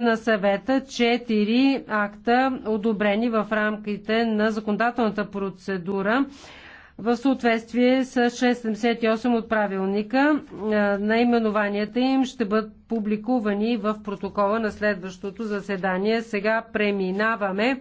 на съвета четири акта, одобрени в рамките на законодателната процедура в съответствие с 678 от правилника. Наименованията им ще бъдат публикувани в протокола на следващото заседание. Сега преминаваме